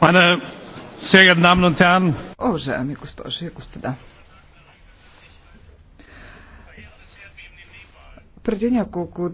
Meine sehr geehrten Damen und Herren, преди няколко